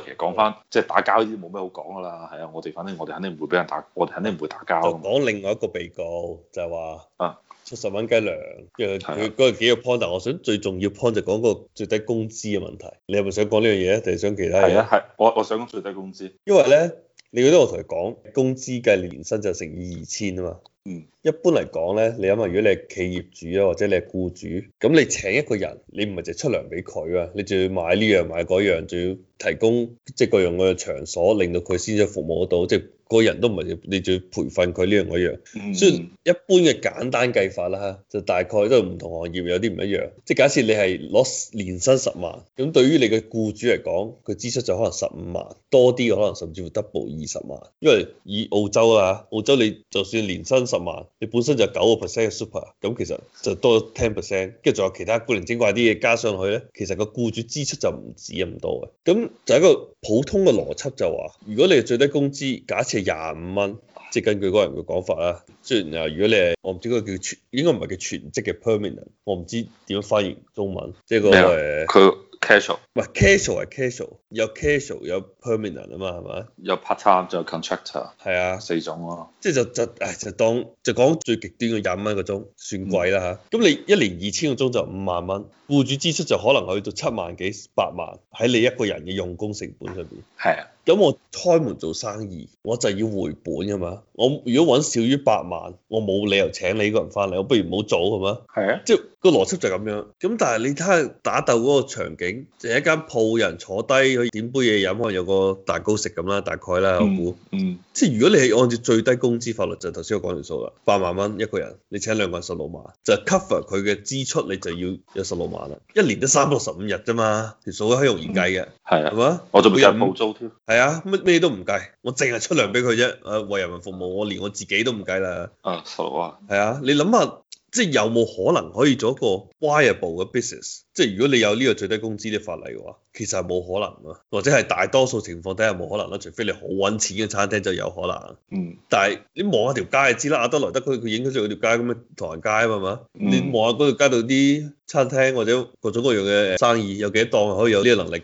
其實講翻即係打交依啲冇咩好講噶啦，係啊，我哋反正我哋肯定唔會俾人打，我哋肯定唔會打交。講另外一個被告就係話，啊，七十蚊雞糧，因為佢嗰幾個 point，但我想最重要 point 就講個最低工資嘅問題。你係咪想講呢樣嘢咧？定係想其他嘢？啊，係，我我想講最低工資。因為咧，你覺得我同佢講，工資嘅年薪就成二千啊嘛。嗯。一般嚟講咧，你因為，如果你係企業主啊，或者你係僱主，咁你請一個人，你唔係就出糧俾佢啊，你仲要買呢樣買嗰樣，仲要提供即係嗰樣嘅場所，令到佢先至服務得到，即係個人都唔係你仲要培訓佢呢樣嗰樣。所以一般嘅簡單計法啦，就大概都係唔同行業有啲唔一樣。即係假設你係攞年薪十萬，咁對於你嘅僱主嚟講，佢支出就可能十五萬多啲，可能甚至乎 double 二十萬，因為以澳洲啦，澳洲你就算年薪十萬。你本身就九個 percent 嘅 super，咁其實就多咗 ten percent，跟住仲有其他古靈精怪啲嘢加上去咧，其實個僱主支出就唔止咁多嘅。咁就係一個普通嘅邏輯就話，如果你係最低工資，假設係廿五蚊，即係根據嗰人嘅講法啦。雖然啊，如果你係我唔知嗰個叫全，應該唔係叫全職嘅 permanent，我唔知點樣翻譯中文。即係個誒。casual 唔係 casual 係 casual 有 casual 有 permanent 啊嘛，係嘛，有 part time 仲有 contractor 係是啊，四種咯、啊、即係就就誒就當就講最極端嘅廿蚊一個鐘算貴啦，嚇，咁你一年二千個鐘就五萬蚊，僱主支出就可能去到七萬幾八萬，喺你一個人嘅用工成本上邊係是啊。咁我開門做生意我就要回本㗎嘛，我如果揾少於八萬，我冇理由請你呢個人翻嚟，我不如唔好做係嘛。是啊，係啊，即個邏輯就係咁樣，咁但係你睇下打鬥嗰個場景，就係一間鋪人坐低去點杯嘢飲，可能有個蛋糕食咁啦，大概啦，我估。嗯。即係如果你係按照最低工資法律，就頭先我講條數啦，八萬蚊一個人，你請兩個人十六萬，就 cover 佢嘅支出，你就要有十六萬啦。一年得三百六十五日啫嘛，條數都好容易計嘅。係啊。係嘛？我就俾人冇租添。係啊，乜咩都唔計，我淨係出糧俾佢啫。誒，為人民服務，我連我自己都唔計啦。啊，十六萬。係啊，你諗下。即係有冇可能可以做一個 viable bu 嘅 business？即係如果你有呢個最低工資啲法例嘅話，其實係冇可能啊，或者係大多數情況底下冇可能啦，除非你好揾錢嘅餐廳就有可能。嗯，但。但係你望下條街就知啦，阿德萊德佢佢影響咗出條街咁樣，唐人街啊嘛，嗯、你望下嗰條街度啲餐廳或者各種各樣嘅生意有幾多檔可以有呢個能力？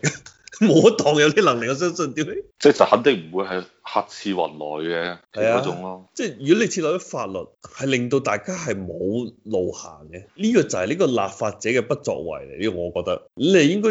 冇一檔有呢個能力，我相信點咧？即係就肯定唔會係。黑市或內嘅嗰種咯，即係如果你設立咗法律係令到大家係冇路行嘅，呢個就係呢個立法者嘅不作為嚟，呢個我覺得，你係應該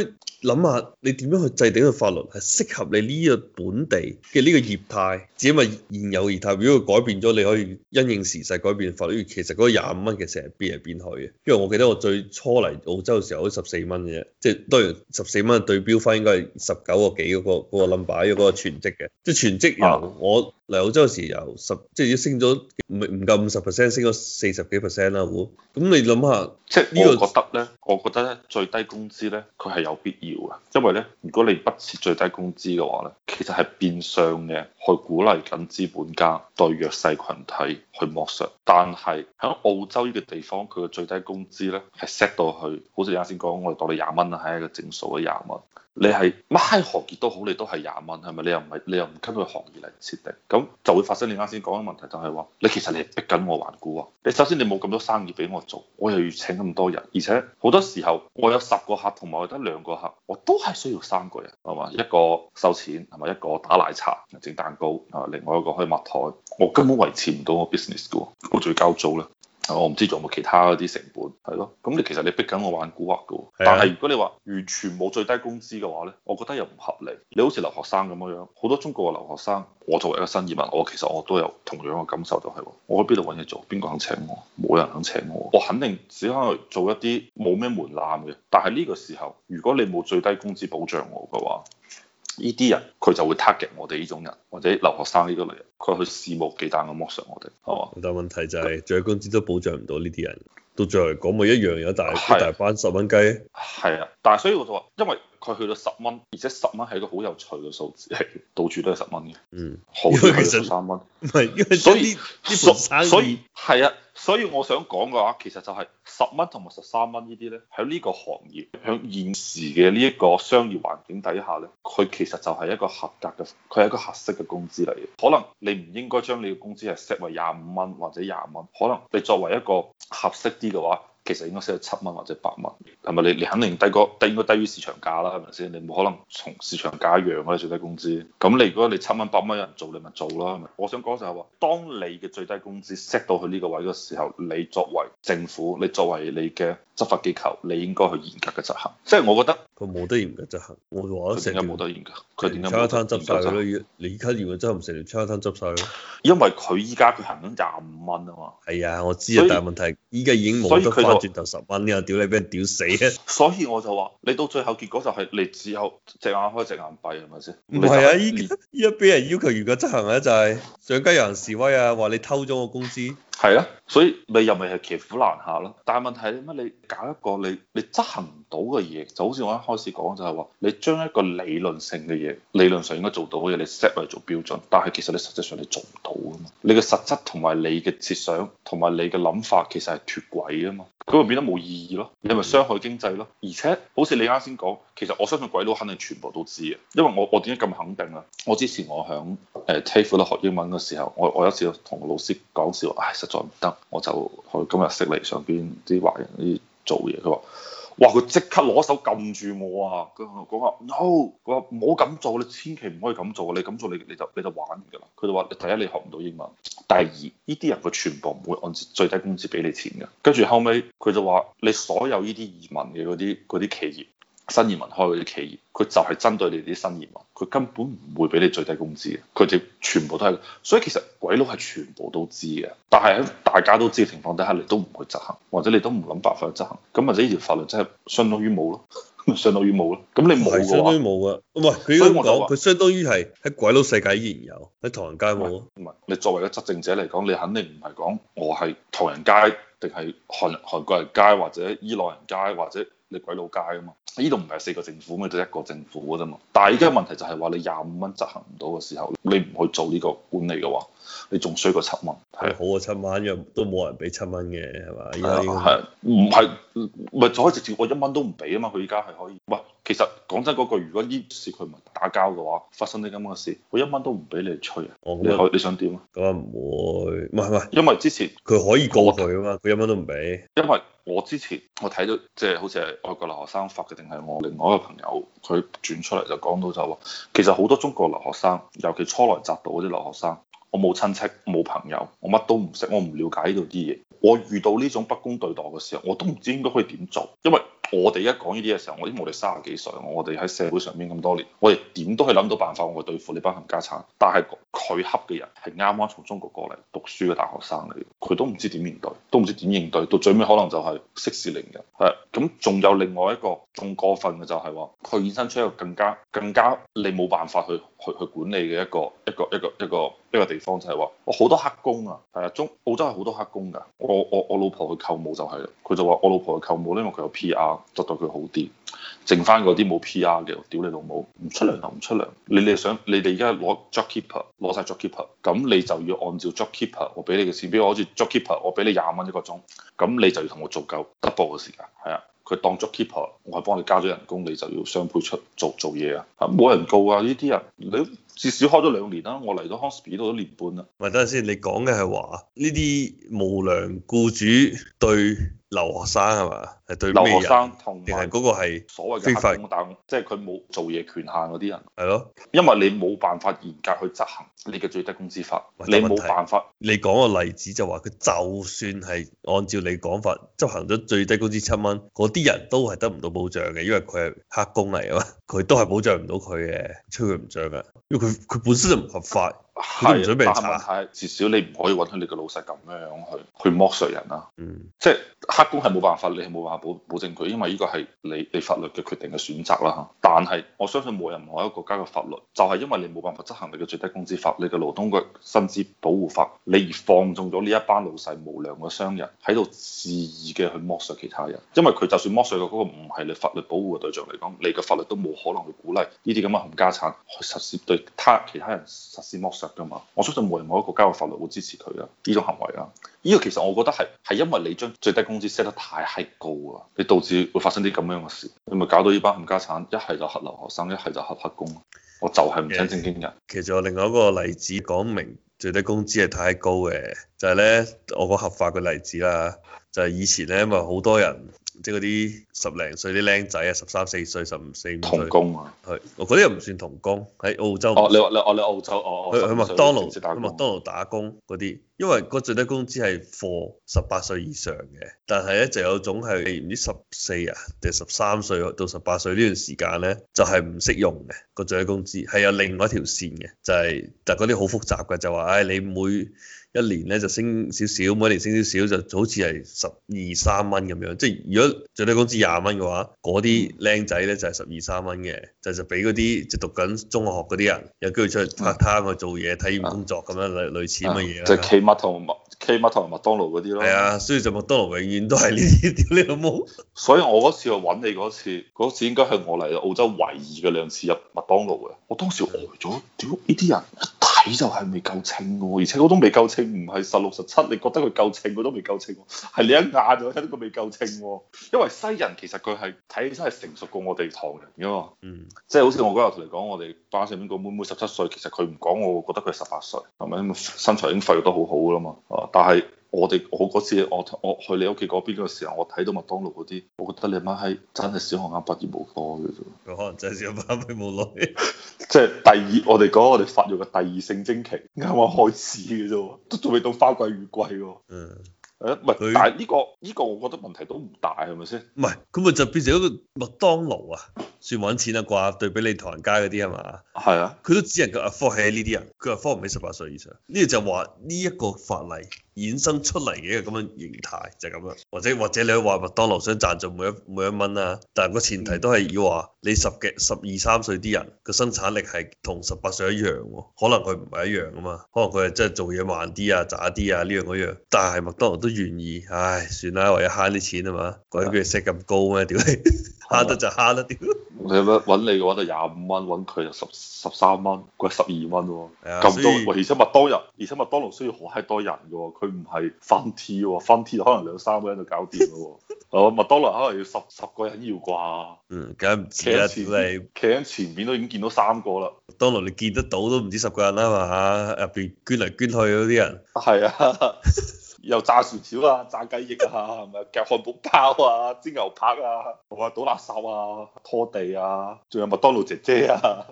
諗下你點樣去制定個法律係適合你呢個本地嘅呢個業態，只因為現有業態，如果改變咗，你可以因應時勢改變法律。其實嗰個廿五蚊其實成日變嚟變去嘅，因為我記得我最初嚟澳洲嘅時候都十四蚊嘅，即係當然十四蚊對標翻應該係十九個幾嗰個 number 喺嗰個全職嘅，即係全職。啊！嗯、我嚟澳洲嗰時由十即已都升咗唔唔夠五十 percent，升咗四十幾 percent 啦。咁你諗下，即係呢個我覺得咧、這個，我覺得咧最低工資咧佢係有必要嘅，因為咧如果你不設最低工資嘅話咧，其實係變相嘅去鼓勵緊資本家對弱勢群體去剝削。但係喺澳洲呢個地方，佢嘅最低工資咧係 set 到去好似你啱先講，我哋當你廿蚊啦，係一個整數嘅廿蚊。你係乜行業都好，你都係廿蚊，係咪？你又唔係，你又唔跟佢行業嚟設定，咁就會發生你啱先講嘅問題，就是，就係話你其實你係逼緊我還股啊。你首先你冇咁多生意俾我做，我又要請咁多人，而且好多時候我有十個客同埋我得兩個客，我都係需要三個人係嘛，一個收錢，係咪一個打奶茶、整蛋糕，啊，另外一個可以抹台，我根本維持唔到我 business 嘅，我仲要交租啦。我唔知仲有冇其他嗰啲成本，係咯？咁你其實你逼緊我玩古惑嘅，但係如果你話完全冇最低工資嘅話呢，我覺得又唔合理。你好似留學生咁樣，好多中國嘅留學生，我作為一個新移民，我其實我都有同樣嘅感受、就係，就係我喺邊度揾嘢做，邊個肯請我？冇人肯請我，我肯定只可以做一啲冇咩門檻嘅。但係呢個時候，如果你冇最低工資保障我嘅話，呢啲人佢就會 target 我哋呢種人，或者留學生呢啲類人，佢去肆無忌憚咁剝削我哋，係嘛？但係問題就係最低工資都保障唔到呢啲人，到最後嚟講，咪一樣有大、啊、大班十蚊雞。係啊，但係所以我就話，因為佢去到十蚊，而且十蚊係一個好有趣嘅數字，係到處都係十蚊嘅。嗯。好少係十三蚊。唔係，因為所以，所所以係啊。所以我想講嘅話，其實就係十蚊同埋十三蚊呢啲咧，喺呢個行業，喺現時嘅呢一個商業環境底下咧，佢其實就係一個合格嘅，佢係一個合適嘅工資嚟嘅。可能你唔應該將你嘅工資係 set 為廿五蚊或者廿蚊，可能你作為一個合適啲嘅話。其實應該 set 七蚊或者八蚊，係咪？你你肯定低過低，應該低於市場價啦，係咪先？你冇可能從市場價一樣嗰、啊、啲最低工資。咁你如果你七蚊八蚊有人做，你咪做啦。係咪？我想講就係、是、話，當你嘅最低工資 set 到去呢個位嘅時候，你作為政府，你作為你嘅。執法機構你應該去嚴格嘅執行，即係我覺得佢冇得嚴格執行，我話成日冇得嚴格，佢點解？差一攤執晒，你依家如果執行成年，差一攤執晒咯。因為佢依家佢行緊廿五蚊啊嘛。係啊，我知啊，以但係問題依家已經冇得翻轉頭十蚊啊！屌以你，俾人屌死啊！所以我就話，你到最後結果就係你只有，只有隻眼開隻眼閉，係咪先？唔係啊，依依家俾人要求嚴格執行啊、就是，就係上街上有人示威啊，話你偷咗我工資。係啊，所以咪又咪係騎虎難下咯。但係問題係乜？你搞一個你你執行唔到嘅嘢，就好似我一開始講就係話，你將一個理論性嘅嘢，理論上應該做到嘅嘢，你 set 落嚟做標準，但係其實你實際上你做唔到㗎嘛。你嘅實質同埋你嘅設想同埋你嘅諗法，其實係脱軌㗎嘛。佢會變得冇意義咯，你咪傷害經濟咯，而且好似你啱先講，其實我相信鬼佬肯定全部都知嘅，因為我我點解咁肯定啊？我之前我響誒 TAFE 咧學英文嘅時候，我我有一次同老師講笑，唉、哎，實在唔得，我就去今日悉尼上邊啲華人啲做嘢佢話。哇！佢即刻攞手撳住我啊！佢講話，No！佢話唔好咁做，你千祈唔可以咁做，你咁做你你就你就玩㗎啦。佢就話：你第一你學唔到英文，第二呢啲人佢全部唔會按照最低工資俾你錢㗎。跟住後尾，佢就話：你所有呢啲移民嘅啲嗰啲企業。新移民開嗰啲企業，佢就係針對你啲新移民，佢根本唔會俾你最低工資嘅，佢哋全部都係。所以其實鬼佬係全部都知嘅，但係喺大家都知嘅情況底下，你都唔去執行，或者你都唔諗辦法去執行，咁或者呢條法律真係相當於冇咯，相當於冇咯。咁你冇？相當於冇啊？唔係佢咁講，佢相當於係喺鬼佬世界依然有，喺唐人街冇咯。唔係，你作為個執政者嚟講，你肯定唔係講我係唐人街，定係韓韓國人街，或者伊朗人街，或者。你鬼佬街啊嘛，呢度唔係四個政府咩？就一個政府嘅啫嘛。但係而家問題就係話，你廿五蚊執行唔到嘅時候，你唔去做呢個管理嘅話。你仲衰過七蚊，係好過七蚊，因為都冇人俾七蚊嘅，係嘛？係係、啊，唔係咪就可以直接我一蚊都唔俾啊嘛？佢依家係可以，喂，其實講真嗰句，如果呢事佢唔係打交嘅話，發生啲咁嘅事，我一蚊都唔俾你吹。我你可你想點啊？咁唔會，唔係唔係，因為之前佢可以過去啊嘛，佢一蚊都唔俾。因為我之前我睇到即係、就是、好似係外國留學生發嘅，定係我另外一個朋友佢轉出嚟就講到就話，其實好多中國留學生，尤其初來乍到嗰啲留學生。我冇親戚，冇朋友，我乜都唔識，我唔了解呢度啲嘢。我遇到呢種不公對待嘅時候，我都唔知應該可以點做，因為……我哋一講呢啲嘅時候，因為我啲我哋卅幾歲，我我哋喺社會上面咁多年，我哋點都係諗到辦法我去對付呢班冚家鏟。但係佢恰嘅人係啱啱從中國過嚟讀書嘅大學生嚟，佢都唔知點面對，都唔知點應對。到最尾可能就係息事寧人。係，咁仲有另外一個仲過分嘅就係話，佢衍生出一個更加更加你冇辦法去去去管理嘅一個一個一個一個一個地方，就係話我好多黑工啊，係啊，中澳洲係好多黑工㗎。我我我老婆去舅母就係，佢就話我老婆去舅母，因為佢有 P R。做對佢好啲，剩翻嗰啲冇 P.R. 嘅，屌你老母，唔出糧就唔出糧啊。你哋想，你哋而家攞 jobkeeper 攞晒 jobkeeper，咁你就要按照 jobkeeper 我俾你嘅錢，比如好似 jobkeeper 我俾你廿蚊一個鐘，咁你就要同我做夠 double 嘅時間，係啊。佢當 jobkeeper，我係幫你加咗人工，你就要雙倍出做做嘢啊。咁冇人告啊，呢啲啊，你至少開咗兩年啦，我嚟到 Hornsby 都一年半啦。喂，等陣先，你講嘅係話呢啲無良僱主對？留學生係嘛？係對留學生同定係嗰個係所謂非法，即係佢冇做嘢權限嗰啲人。係咯的，因為你冇辦法嚴格去執行你嘅最低工資法，你冇辦法。你講個例子就話，佢就算係按照你講法執行咗最低工資七蚊，嗰啲人都係得唔到保障嘅，因為佢係黑工嚟啊嘛，佢都係保障唔到佢嘅，催佢唔漲啊，因為佢佢本身就唔合法。係，是準備但係問題，至少你唔可以搵佢你嘅老細咁樣去去剝削人啦，啊。嗯，即係黑工係冇辦法，你係冇辦法保保證佢，因為呢個係你你法律嘅決定嘅選擇啦嚇。但係我相信冇任何一個國家嘅法律，就係、是、因為你冇辦法執行你嘅最低工資法，你嘅勞動嘅薪資保護法，你而放縱咗呢一班老細無良嘅商人喺度肆意嘅去剝削其他人。因為佢就算剝削嗰，那個唔係你法律保護嘅對象嚟講，你嘅法律都冇可能去鼓勵呢啲咁嘅冚家鏟去實施對他其他人實施剝削。噶嘛，我相信冇人冇一個國家嘅法律會支持佢啊，呢種行為啊，呢個其實我覺得係係因為你將最低工資 set 得太閪高啦，你導致會發生啲咁樣嘅事，你咪搞到呢班冚家鏟，一係就黑流學生，一係就黑黑工，我就係唔請正經人。其實我另外一個例子講明最低工資係太高嘅，就係咧我個合法嘅例子啦，就係以前咧，因為好多人。即係嗰啲十零歲啲僆仔啊，十三四歲、十五四五歲童工啊，係、哦，我嗰啲又唔算童工喺澳洲。哦，你話你哦你澳洲哦哦，去去麥當勞，去麥當勞打工嗰啲，因為個最低工資係 for 十八歲以上嘅，但係咧就有種係唔知十四啊定十三歲到十八歲呢段時間咧就係唔適用嘅個最低工資，係有另外一條線嘅，就係但係嗰啲好複雜嘅，就話唉、哎、你每一年咧就升少少，每年升少少，就好似係十二三蚊咁樣。即係如果最低工資廿蚊嘅話，嗰啲靚仔咧就係十二三蚊嘅，就係、就俾嗰啲即係讀緊中學嗰啲人，有機會出去 part time 去做嘢、體驗工作咁樣類類似咁嘅嘢啊？就 Kmart 同 Kmart 同麥當勞嗰啲咯。係啊，所以就麥當勞永遠都係呢啲屌你老母？所以我嗰次我揾你嗰次，嗰次，次應該係我嚟澳洲唯二嘅兩次入麥當勞嘅。我當時呆咗，屌呢啲人。你就係未夠稱喎，而且我都未夠稱，唔係十六十七，17，你覺得佢夠稱，佢都未夠稱。係你一眼就睇到佢未夠稱喎，因為西人其實佢係睇起身係成熟過我哋唐人嘅嘛，嗯，即係好似我嗰日同你講，我哋班上面個妹妹十七歲，其實佢唔講，我覺得佢十八歲，係咪？身材已經發育得好好噶啦嘛，哦，但係。我哋我嗰次我我去你屋企嗰邊嘅時候，我睇到麥當勞嗰啲，我覺得你媽係真係小學啱畢業冇多嘅啫，佢可能真係小學啱畢業冇耐，即係 第二我哋講我哋發育嘅第二性徵期啱啱開始嘅啫，都仲未到花季雨季喎，哦。嗯，誒咪佢，他但係、這、呢個呢、這個我覺得問題都唔大係咪先？唔係佢咪就變成一個麥當勞啊？算揾錢啦啩，對比你唐人街嗰啲吖嘛？係啊，佢都只能夠 afford 起呢啲人，佢又 afford 唔起十八歲以上。呢個就話呢一個法例衍生出嚟嘅咁樣形態就係咁啦。或者或者你話麥當勞想賺盡每一每一蚊啊，但係個前提都係要話你十嘅十二三歲啲人個生產力係同十八歲一樣，可能佢唔係一樣啊嘛。可能佢係真係做嘢慢啲啊、渣啲啊呢樣嗰樣，但係麥當勞都願意，唉，算啦，為咗慳啲錢啊嘛，鬼叫你 set 咁高咩？屌你！慳得就慳得啲。 你咁樣揾你嘅話就廿五蚊，揾佢就十十三蚊，貴十二蚊喎。咁的多以而麥，而且麥當勞，而且麥當勞需要好閪多人嘅，佢唔係分 T 喎，分 T 可能兩三個人就搞掂啦。哦，麥當勞可能要十十個人要啩？嗯，梗唔知。啦前，你企喺前，前面都已經見到三個啦。麥當勞你見得到都唔止十個人啦嘛，入、啊、邊捐嚟捐去嗰啲人。係啊。又炸薯條啊，炸雞翼啊，係咪夾漢堡包啊，煎牛扒啊，同埋倒垃圾啊，拖地啊，仲有麥當勞姐姐啊。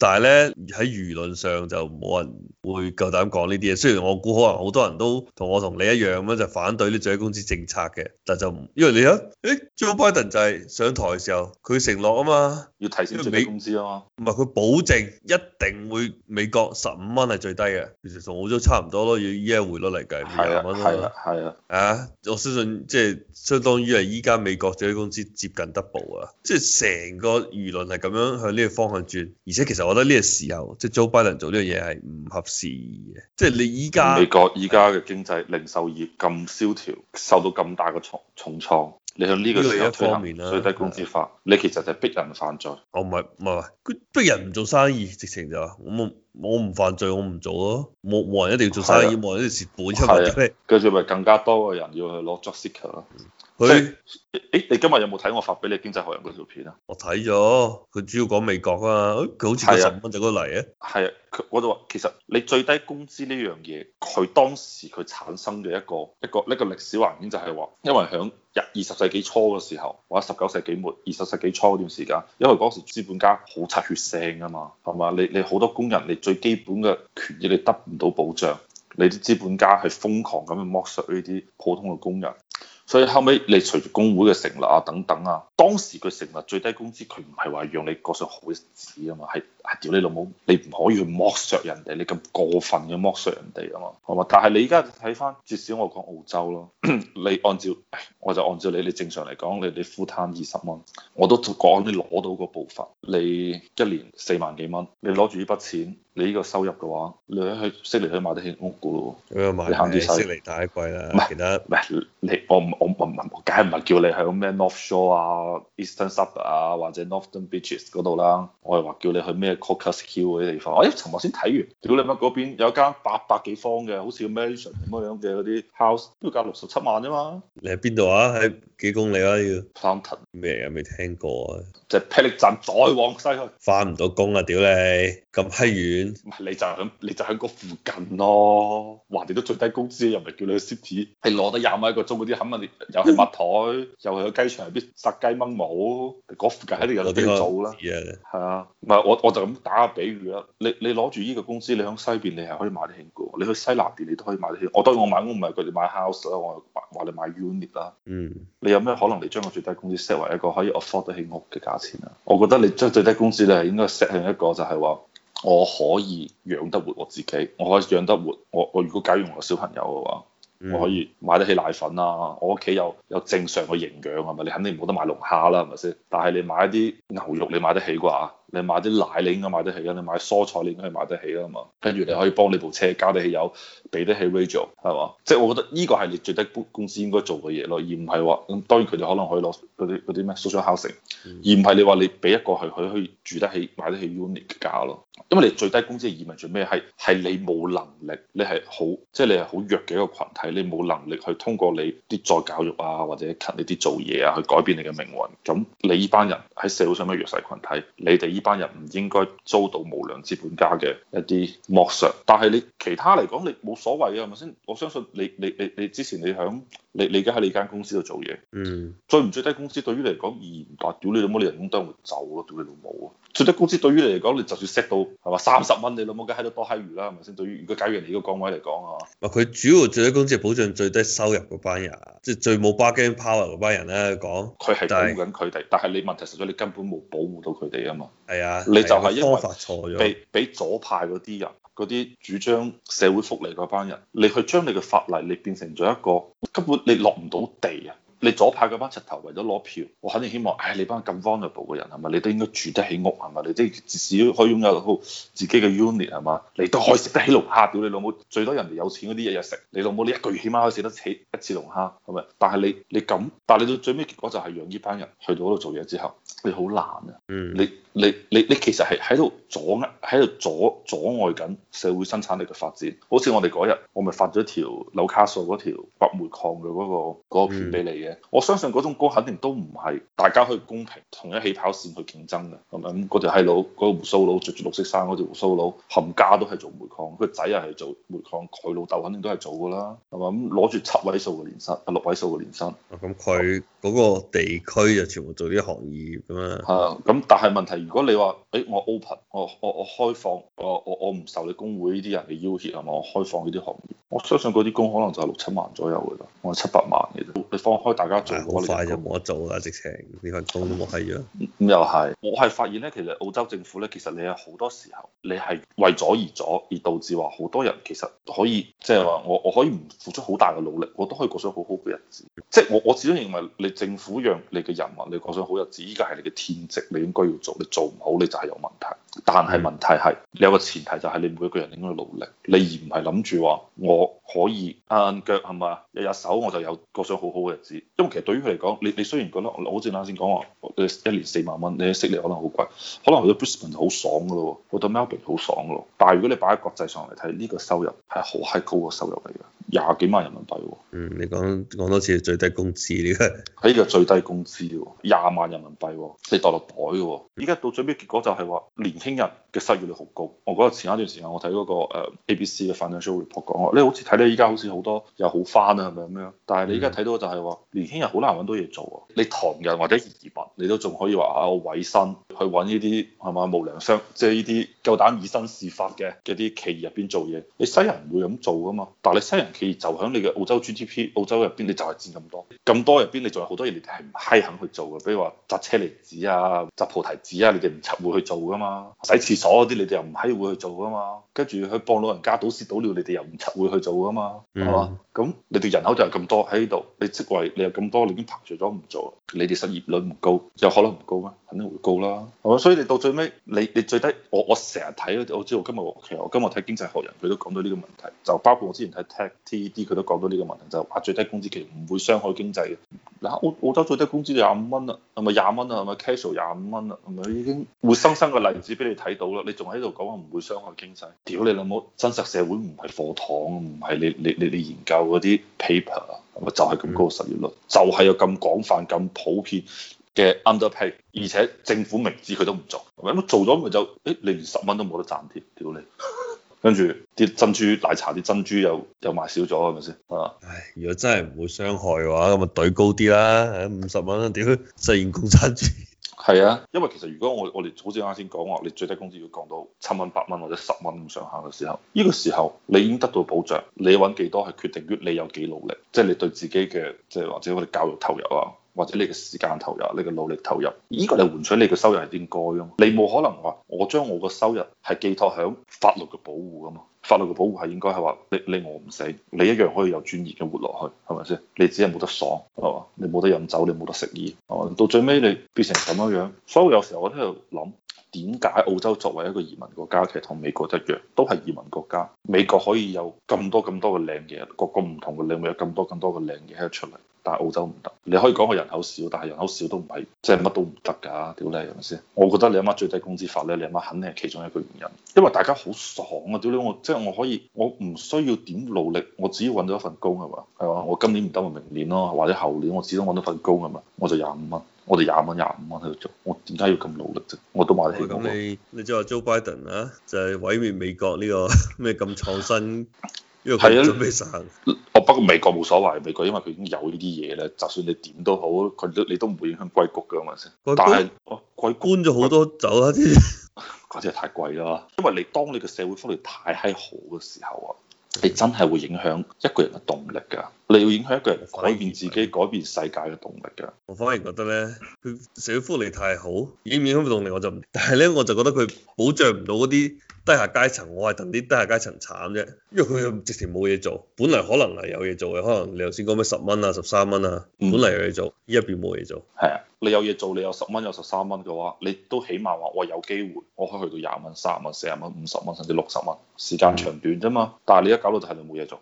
但係咧，喺輿論上就冇人會夠膽講呢啲嘢。雖然我估可能好多人都同我同你一樣咁就反對呢最低工資政策嘅，但就唔，因為你咧，誒，Joe Biden 就係上台嘅時候，佢承諾啊嘛，要提升最低工資啊嘛。唔係佢保證一定會美國十五蚊係最低嘅，其實同澳洲差唔多咯，以依家匯率嚟計。係啊，係啦，啊！我相信即係相當於係依家美國最低工資接近 double 啊，即係成個輿論係咁樣向呢個方向轉，而且其實我覺得呢個時候即係、就是、Joe Biden 做呢樣嘢係唔合時宜嘅，即、就、係、是、你依家美國依家嘅經濟零售業咁蕭條，受到咁大個重重創，你向呢個時候推行最低工資法，啊、你其實就係逼人犯罪。我唔係唔係，佢逼人唔做生意，直情就係我冇。我唔犯罪我，我唔做咯。冇冇人一定要做生意，冇是、啊、人一定要蝕本出嚟、啊。跟住咪更加多嘅人要去攞 job seeker 咯。佢、嗯即，誒、欸，你今日有冇睇我發俾你經濟學人嗰條片啊？我睇咗，佢主要講美國啊。佢、欸、好似係十五蚊就嗰個啊。係啊，佢嗰度話其實你最低工資呢樣嘢，佢當時佢產生嘅一個一個呢個歷史環境就係話，因為響日二十世紀初嘅時候，或者十九世紀末、二十世紀初嗰段時間，因為嗰時資本家好擦血腥啊嘛，係嘛？你你好多工人你。最基本嘅權益你得唔到保障，你啲資本家係瘋狂咁去剝削呢啲普通嘅工人，所以後尾，你隨住工會嘅成立啊等等啊，當時佢成立最低工資，佢唔係話讓你過上好日子啊嘛，係。屌你老母，你唔可以去剝削人哋，你咁過分嘅剝削人哋啊嘛，係嘛？但係你而家睇翻，至少我講澳洲咯，你按照我就按照你你正常嚟講，你你 full time 二十蚊，我都講你攞到個步伐，你一年四萬幾蚊，你攞住呢筆錢，你呢個收入嘅話，你去悉尼去買得起屋噶咯喎，你慳啲使。悉尼太貴啦，唔係不其他，唔係你我唔我唔唔，梗係唔係叫你響咩 North Shore 啊、Eastern Suburbs 啊或者 Northern Beaches 嗰度啦，我係話叫你去咩？Corkus Hill 嗰啲地方，哎，我誒尋日先睇完，屌你乜，嗰邊有間八百幾方嘅，好似咩 Vision 咁樣嘅嗰啲 house 都要價六十七萬啫嘛。你喺邊度啊？喺幾公里啊？要 Pantin 咩？未聽過啊！即係 Pelick 站再往西去，翻唔到工啊！屌你咁閪遠。唔係你就響你就響嗰附近咯。話你都最低工資又唔係叫你去 City，你攞得廿蚊一個鐘嗰啲，肯定你，又係抹枱，又係去雞場入邊殺雞掹毛。嗰附近肯定有啲嘢做啦。係啊，唔係我我就咁打個比喻啦，你你攞住呢個工資，你喺西邊你係可以買得起屋，你去西南邊你都可以買得起。我當然我買屋唔係佢哋買 house 啦，我係話你買 unit 啦。嗯。你有咩可能？你將個最低工資 set 為一個可以 afford 得起屋嘅價錢啊？Mm. 我覺得你將最低工資你係應該 set 向一個就係話我可以養得活我自己，我可以養得活我。我如果假如我有小朋友嘅話，mm. 我可以買得起奶粉啊。我屋企有有正常嘅營養係咪？你肯定冇得買龍蝦啦係咪先？但係你買一啲牛肉你買得起啩？你買啲奶，你應該買得起噶；你買蔬菜，你應該買得起噶嘛。跟住你可以幫你部車加啲汽油，俾得起 radio 係嘛？即係我覺得呢個係你最低公司應該做嘅嘢咯，而唔係話咁。當然佢哋可能可以攞嗰啲咩 social 嗰啲咩 social housing，而唔係你話你俾一個係佢可以住得起、買得起 Uniqlo 嘅價咯。因為你最低工資係意味住咩係係你冇能力？你係好即係你係好弱嘅一個群體，你冇能力去通過你啲再教育啊，或者勤力啲做嘢啊，去改變你嘅命運。咁你依班人喺社會上嘅弱勢群體，你哋依班人唔應該遭到無良資本家嘅一啲剝削。但係你其他嚟講，你冇所謂啊，係咪先？我相信你你你你之前你響你你而家喺你間公司度做嘢，嗯，最唔最，最低工資對於你嚟講意義唔大，屌你老母，你人工都會走咯，屌你老母啊！最低工資對於你嚟講，你就算 set 到。係嘛？三十蚊你老母梗喺度多閪餘啦，係咪先？對於如果假如你哋個崗位嚟講啊，唔，佢主要最低工資係保障最低收入嗰班人，即係最冇 bargaining power 嗰班人咧講，佢係保護緊佢哋。但係是你問題實在你根本冇保護到佢哋啊嘛。係啊，你就係因為俾俾、啊啊、左派嗰啲人嗰啲主張社會福利嗰班人，你去將你嘅法例，你變成咗一個根本你落唔到地啊。你左派嗰班柒頭為咗攞票，我肯定希望、哎，唉，你班咁 vulnerable 嘅人係咪？你都應該住得起屋係咪？你都至少可以擁有好自己嘅 unit 係嘛？你都可以食得起龍蝦，屌你老母！最多人哋有錢嗰啲日日食，你老母你一個月起碼可以食得起一次龍蝦係咪？但係你你咁，但係你到最尾結果就係讓呢班人去到嗰度做嘢之後，你好難啊！你你你你，你其實係喺度阻喺度阻阻礙緊社會生產力嘅發展。好似我哋嗰日，我咪發咗條紐卡素嗰條白煤礦嘅嗰、嗰個片俾你嘅。嗰個嗰個我相信嗰種工肯定都唔係大家去公平同一起跑線去競爭嘅，咁樣嗰條閪佬，嗰個胡鬚佬着住綠色衫嗰條胡鬚佬，冚家都係做煤礦，佢仔又係做煤礦，佢老豆肯定都係做嘅啦，係嘛？咁攞住七位數嘅年薪，六位數嘅年薪，咁佢嗰個地區就全部做啲行業咁啊。係啊，咁但係問題，如果你話，誒、欸、我 open，我我我開放，我我我唔受你工會呢啲人嘅要挾。係嘛，我開放呢啲行業。我相信嗰啲工可能就係六七萬左右嘅啫，我係七百萬嘅啫，你放開。大家做好快就冇得做啦，直情啲份工都冇喺咗。咁又係，我係發現咧，其實澳洲政府咧，其實你有好多時候，你係為阻而阻，而導致話好多人其實可以即係話我我可以唔付出好大嘅努力，我都可以過上好好嘅日子。即係我我始終認為，你政府讓你嘅人民你過上好日子，依家係你嘅天職，你應該要做。你做唔好，你就係有問題。但係問題係，嗯、你有個前提就係你每一個人都應該努力，你而唔係諗住話我可以晏腳係咪啊？日日手我就有過上好好嘅日子。因為其實對於佢嚟講，你你雖然覺得好似啱先講話，一年四萬蚊，你嘅息率可能好貴，可能去到 Brisbane 好爽噶咯，喎，去到 Melbourne 好爽噶咯，但係如果你擺喺國際上嚟睇，呢、呢個收入係好閪高嘅收入嚟㗎。廿幾萬人民幣喎，嗯，你講講多次最低工資呢個，喺呢個最低工資喎，廿萬人民幣喎，你袋落袋喎，依家到最尾結果就係話年輕人嘅失業率好高，我覺得前一段時間我睇嗰個誒 ABC 嘅 Financial Report 講話，你好似睇到依家好似好多又好翻啊，係咪咁樣？但係你依家睇到就係話、嗯、年輕人好難揾到嘢做啊，你唐人或者移民你都仲可以話、啊、我委身去揾呢啲係嘛無良商，即係呢啲夠膽以身試法嘅嗰啲企業入邊做嘢，你西人唔會咁做噶嘛，但係你西人。佢就喺你嘅澳洲 GDP 澳洲入邊，你就係佔咁多，咁多入邊你仲有好多嘢你哋係唔閪肯去做嘅，比如話摘車厘子啊、摘葡提子啊，你哋唔閂會去做噶嘛？洗廁所嗰啲你哋又唔閂會去做噶嘛？跟住去幫老人家倒屎倒尿，你哋又唔閂會去做噶嘛？係嘛、嗯？咁你哋人口就係咁多喺呢度，你職位你又咁多，你已經排除咗唔做，你哋失業率唔高有可能唔高咩？肯定會高啦，係嘛？所以你到最尾，你你最低，我我成日睇，我知道我今日我其實我今日睇經濟學人，佢都講到呢個問題，就包括我之前睇 Tech CED 佢都講到呢個問題，就話最低工資其實唔會傷害經濟嘅。嗱，澳澳洲最低工資廿五蚊啦，係咪廿蚊啊？係咪 casual 廿五蚊啊？係咪已經活生生嘅例子俾你睇到啦？你仲喺度講話唔會傷害經濟？屌你老母！真實社會唔係課堂，唔係你你你你研究嗰啲 paper，係咪就係咁高失業率，就係、是、有咁廣泛、咁普遍嘅 underpay，而且政府明知佢都唔做，咁做咗咪就誒、欸、連十蚊都冇得賺添？屌你！跟住啲珍珠奶茶啲珍珠又又賣少咗，係咪先啊？唉，如果真係唔會傷害嘅話，咁咪懟高啲啦，五十蚊，點樣，實現共產主義。係啊，因為其實如果我我哋好似啱先講話，你最低工資要降到七蚊八蚊或者十蚊咁上下嘅時候，呢個時候你已經得到保障，你搵幾多係決定於你有幾努力，即係你對自己嘅即係或者我哋教育投入啊。或者你嘅時間投入，你嘅努力投入，呢個嚟換取你嘅收入係應該啊！你冇可能話我將我嘅收入係寄託喺法律嘅保護啊嘛！法律嘅保護係應該係話你你餓唔死，你一樣可以有專業嘅活落去，係咪先？你只係冇得爽係嘛？你冇得飲酒，你冇得食煙，係咪？到最尾你變成咁樣樣。所以有時候我都喺度諗，點解澳洲作為一個移民國家，其實同美國一樣，都係移民國家。美國可以有咁多咁多嘅靚嘢，各個唔同嘅領域有咁多咁多嘅靚嘢喺度出嚟。但澳洲唔得，你可以講個人口少，但係人口少都唔係，即係乜都唔得噶，屌你，係咪先？我覺得你阿媽最低工資法咧，你阿媽肯定係其中一個原因，因為大家好爽啊，屌你，我即係我可以，我唔需要點努力，我只要搵到一份工係嘛，係話，我今年唔得咪明年咯，或者後年，我只懂搵到份工係嘛，我就廿五蚊，我哋廿蚊廿五蚊喺度做，我點解要咁努力啫？我都買得起。咁你你即話 Joe Biden 啊，就係毀滅美國呢，這個咩咁創新？係啊，哦，不過美國冇所謂，美國因為佢已經有呢啲嘢啦，就算你點都好，佢你都唔會影響硅谷噶嘛先。但係，佢灌咗好多酒啊啲，嗰啲太貴啦。因為你當你嘅社會福利太閪好嘅時候啊，你真係會影響一個人嘅動力噶。你要影響一個人改變自己而改變世界嘅動力㗎。我反而覺得咧，佢社會福利太好，影唔影響動力我就唔。但係咧我就覺得佢保障唔到嗰啲低下階層，我係同啲低下階層慘啫。因為佢直情冇嘢做，本嚟可能係有嘢做嘅，可能你頭先講咩十蚊啊十三蚊啊，啊嗯、本嚟有嘢做，呢一邊冇嘢做。係啊，你有嘢做，你有十蚊有十三蚊嘅話，你都起碼話我有機會，我可以去到廿蚊三十蚊四十蚊五十蚊甚至六十蚊，時間長短啫嘛。嗯、但係你一搞到就係你冇嘢做。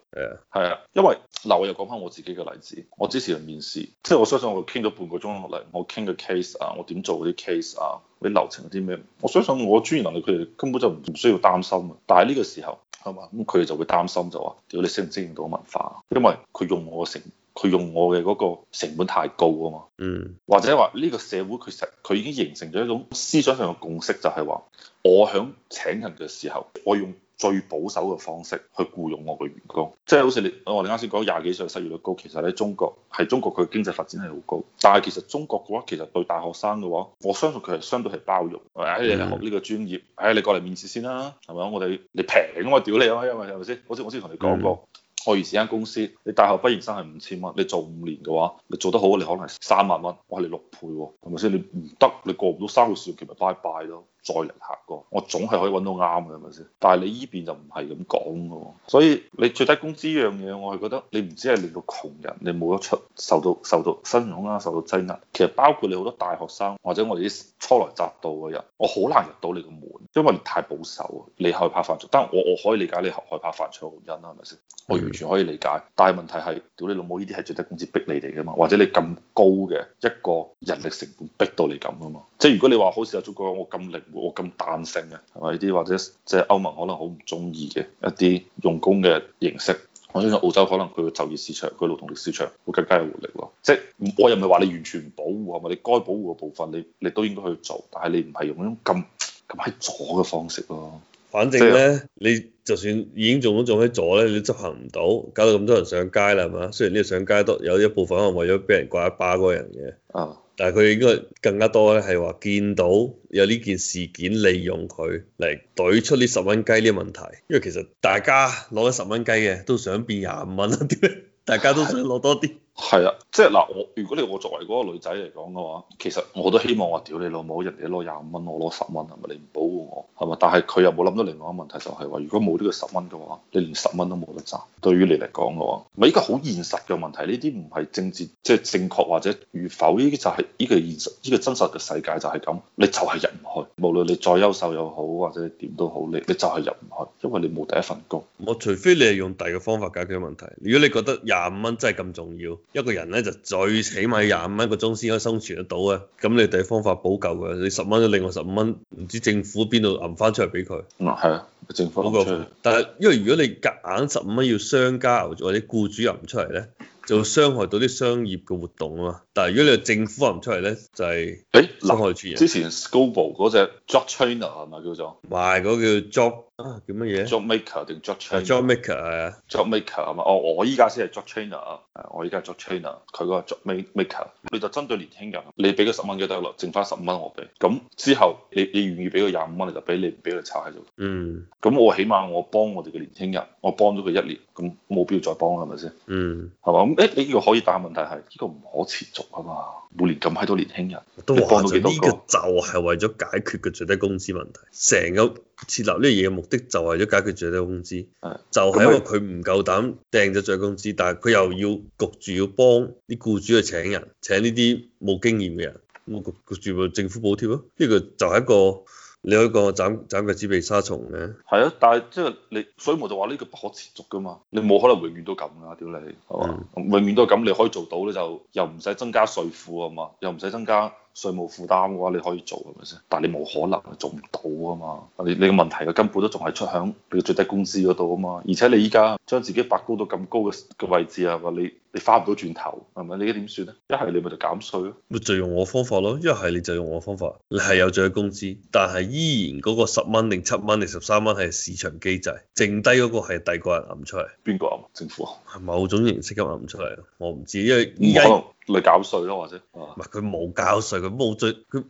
係啊，啊，因為流講翻我自己嘅例子，我之前去面試，即係我相信我傾咗半個鐘落嚟，我傾嘅 case 啊，我點做嗰啲 case 啊，啲流程啲咩，我相信我專業能力，佢哋根本就唔需要擔心。但係呢個時候係嘛，咁佢哋就會擔心就話：屌，你適唔適應到文化？因為佢用我嘅成，佢用我嘅嗰個成本太高啊嘛。嗯。或者話呢個社會佢實，佢已經形成咗一種思想上嘅共識，就係話我響請人嘅時候，我用。最保守嘅方式去僱用我嘅員工，即係好似你我哋啱先講廿幾歲失業率高，其實咧中國係中國佢經濟發展係好高，但係其實中國嘅話其實對大學生嘅話，我相信佢係相對係包容，誒、哎、你嚟學呢個專業，誒、哎、你過嚟面試先啦，啊，係咪我哋你平我屌你啊嘛，係咪先？好似我先同你講過，我以前間公司你大學畢業生係五千蚊，你做五年嘅話，你做得好你可能三萬蚊，我係你六倍，啊，係咪先？你唔得你過唔到三個試用期拜拜咯。再嚟下個，我總係可以揾到啱嘅，係咪先？但係你呢邊就唔係咁講嘅喎，所以你最低工資呢樣嘢，我係覺得你唔止係令到窮人，你冇得出，受到受到身湧啦，受到擠壓。其實包括你好多大學生或者我哋啲初來乍到嘅人，我好難入到你個門，因為你太保守，你害怕犯錯。但係我我可以理解你害怕犯錯嘅原因啦，係咪先？我完全可以理解。但係問題係，屌你老母，呢啲係最低工資逼你哋㗎嘛，或者你咁高嘅一個人力成本逼到你咁㗎嘛？即係如果你話好似阿祖哥咁，我咁靈。我咁彈性嘅係咪呢啲？或者即係歐盟可能好唔中意嘅一啲用工嘅形式。我相信澳洲可能佢嘅就業市場、佢勞動力市場會更加有活力咯。即係我又唔係話你完全唔保護係咪？你該保護嘅部分你，你你都應該去做，但係你唔係用種咁咁喺左嘅方式咯。反正咧，你就算已經做咗，做喺左咧，你執行唔到，搞到咁多人上街啦係咪啊？雖然呢個上街都有一部分可能為咗俾人掛一巴嗰人嘅啊。但係佢應該更加多咧，係話見到有呢件事件利用佢嚟懟出呢十蚊雞呢個問題，因為其實大家攞咗十蚊雞嘅都想變廿五蚊啊！點解大家都想攞多啲？係啊，即係嗱，我如果你我作為嗰個女仔嚟講嘅話，其實我都希望我屌你老母，人哋攞廿五蚊，我攞十蚊，係咪？你唔保護我，係咪？但係佢又冇諗到另外一個問題，就係話，如果冇呢個十蚊嘅話，你連十蚊都冇得賺。對於你嚟講嘅話，咪依家好現實嘅問題，呢啲唔係政治，即係正確或者與否，呢啲就係呢個現實，呢個真實嘅世界就係咁，你就係入唔去。無論你再優秀又好，或者你點都好，你你就係入唔去，因為你冇第一份工。我除非你係用第二個方法解決問題。如果你覺得廿五蚊真係咁重要。一個人咧就最起碼廿五蚊個鐘先可以生存得到啊。咁你哋方法補救嘅，你十蚊另外十五蚊，唔知政府邊度揞翻出嚟俾佢。啊、嗯，係啊，政府。但係因為如果你夾硬十五蚊要商家或者僱主揞出嚟咧，就會傷害到啲商業嘅活動啊嘛。但係如果你係政府行出嚟咧，就係、是、侵害住人、欸。之前 Scoble 嗰隻 Job Trainer 係咪叫做？唔係嗰個叫 Job、啊、叫乜嘢？Job Maker 定 Trainer？、啊、Job Trainer？Job Maker、啊、Job Maker 係嘛？哦，我依家先係 Job Trainer 啊，我依家 Job Trainer。佢嗰個 Job Maker，、嗯、你就針對年輕人，你俾佢十蚊幾得咯，剩翻十五蚊我俾。咁之後你你願意俾佢廿五蚊你就俾，你唔俾佢炒喺度。嗯。咁我起碼我幫我哋嘅年輕人，我幫咗佢一年，咁冇必要再幫啦，係咪先？嗯。係嘛？咁、欸、誒，呢、這個可以，但係問題係呢、這個唔可持續。啊嘛，每年咁閪多年輕人，都話呢個就係為咗解決嘅最低工資問題。成個設立呢嘢嘅目的就係為咗解決最低工資，的就係因為佢唔夠膽掟咗最低工資，的但係佢又要焗住要幫啲僱主去請人，請呢啲冇經驗嘅人，我焗住咪政府補貼咯。呢、呢個就係一個。你有一個斬斬腳趾避沙蟲嘅，係啊，但係即係你，所以我就話呢個不可持續㗎嘛，你冇可能永遠都咁㗎，屌你，嗯、永遠都係咁，你可以做到咧就又唔使增加稅負啊嘛，又唔使增加。稅務負擔嘅話，你可以做係咪先？但係你冇可能啊，做唔到啊嘛。你你個問題嘅根本都仲係出響你最低工資嗰度啊嘛。而且你依家將自己拔高到咁高嘅嘅位置啊，話你你返唔到轉頭，係咪？你而家點算咧？一係你咪就減稅咯。咪就用我方法咯。一係你就用我方法，你係有最低工資，但係依然嗰個十蚊定七蚊定十三蚊係市場機制，剩低嗰個係第二個人揞出嚟。邊個揞？政府。係某種形式咁揞出嚟，我唔知，因為依家。嚟交稅咯，或者，唔係佢冇交稅，佢冇最佢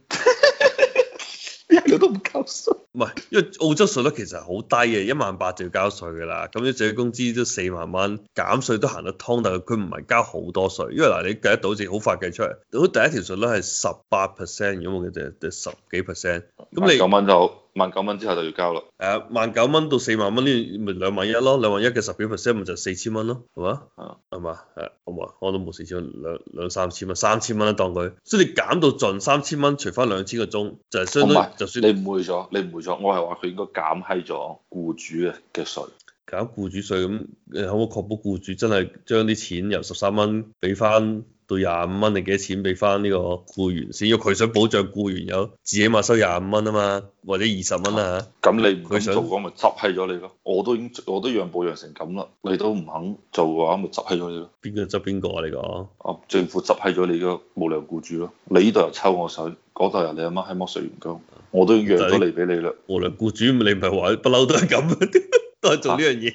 一樣都唔交稅。唔係，因為澳洲稅咧其實係好低嘅，一萬八就要交稅㗎啦。咁你自己工資都四萬蚊，減稅都行得通，但係佢唔係交好多稅。因為嗱，你計得到好似好快計出嚟。好第一條稅咧係十八 percent，如果我記住，十幾 percent。咁你九蚊就。萬九蚊之後就要交啦。誒，萬九蚊到四萬蚊呢？咪兩萬一咯，兩萬一嘅十幾 percent 咪就四千蚊咯，係嘛？啊，係嘛？係，好嘛？我都冇四千蚊，兩兩三千蚊，三千蚊當佢。所以你減到盡三千蚊，除翻兩千個鐘，就係相當，哦、就算你唔會咗，你唔會咗，我係話佢應該減低咗雇主嘅嘅稅。減雇主稅咁，你可唔可以確保雇主真係將啲錢由十三蚊俾翻？到廿五蚊定幾多錢俾翻呢個雇員先？因為佢想保障雇員有自己起碼收廿五蚊啊嘛，或者二十蚊啊咁、啊、你唔佢做嘅咪執係咗你咯？我都已經我都讓步讓成咁啦，你都唔肯做嘅話咪執係咗你咯？邊個執邊個啊？你講啊？政府執係咗你個無良雇主咯？你呢度又抽我水，嗰度又你阿媽喺剝削員工，我都讓咗你俾你啦。無良雇主，你唔係話不嬲都係咁。 啊、做呢樣嘢，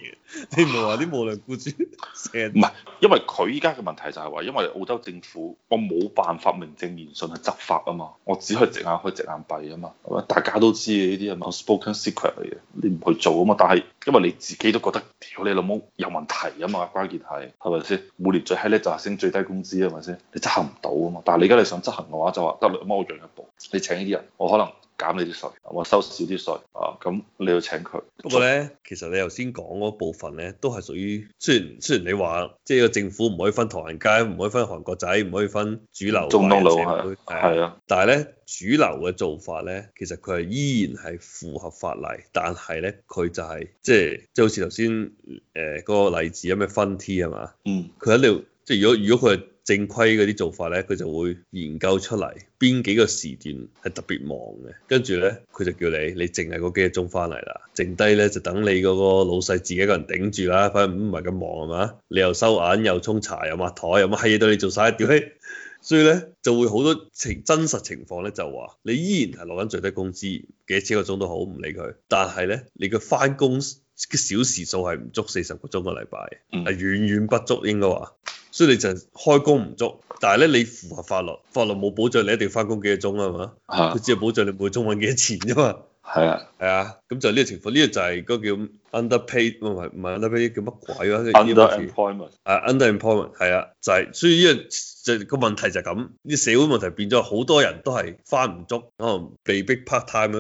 你唔係話啲無良雇主成日？唔係，因為佢依家嘅問題就係話，因為澳洲政府我冇辦法名正言順去執法啊嘛，我只可以隻眼開隻眼閉啊嘛，係咪？大家都知呢啲啊嘛，spoken secret 嚟嘅，你唔去做啊嘛。但係因為你自己都覺得，屌你老母有問題啊嘛，關鍵係係咪先？每年最閪咧就係升最低工資啊，係咪先？你執行唔到啊嘛。但係你而家你想執行嘅話就，就話得兩蚊我讓一步，你請呢啲人，我可能。減你啲稅，我收少啲稅啊！咁你要請佢。不過咧，其實你頭先講嗰部分咧，都係屬於雖然雖然你話即係個政府唔可以分唐人街，唔可以分韓國仔，唔可以分主流嘅社會，係啊。但係咧，主流嘅做法咧，其實佢係依然係符合法例，但係咧，佢就係、是、即係即係好似頭先誒嗰個例子有咩分 T 係嘛？嗯。佢喺度即係如果如果佢。正規嗰啲做法咧，佢就會研究出嚟邊幾個時段係特別忙嘅，跟住咧佢就叫你，你淨係嗰幾個鐘翻嚟啦，剩低咧就等你嗰個老細自己一個人頂住啦，反正唔唔係咁忙係嘛？你又收銀又沖茶又抹台又乜閪嘢都你做晒一屌！嘿，所以咧就會好多情真實情況咧就話，你依然係落緊最低工資幾多錢個鐘都好，唔理佢，但係咧你嘅翻工嘅小時數係唔足四十個鐘個禮拜，係遠遠不足應該話。所以你就開工唔足，但係咧你符合法律，法律冇保障你一定翻工幾多鐘啊嘛，佢只係保障你每個鐘揾幾多錢啫嘛。係啊，係啊，咁就呢個情況，呢、呢個就係個叫 underpaid 唔係唔係 underpaid 叫乜鬼啊？underemployment 啊、uh，underemployment 係啊，就係、係，所以呢個就個問題就係咁，啲社會問題變咗好多人都係翻唔足，可能被逼 part time。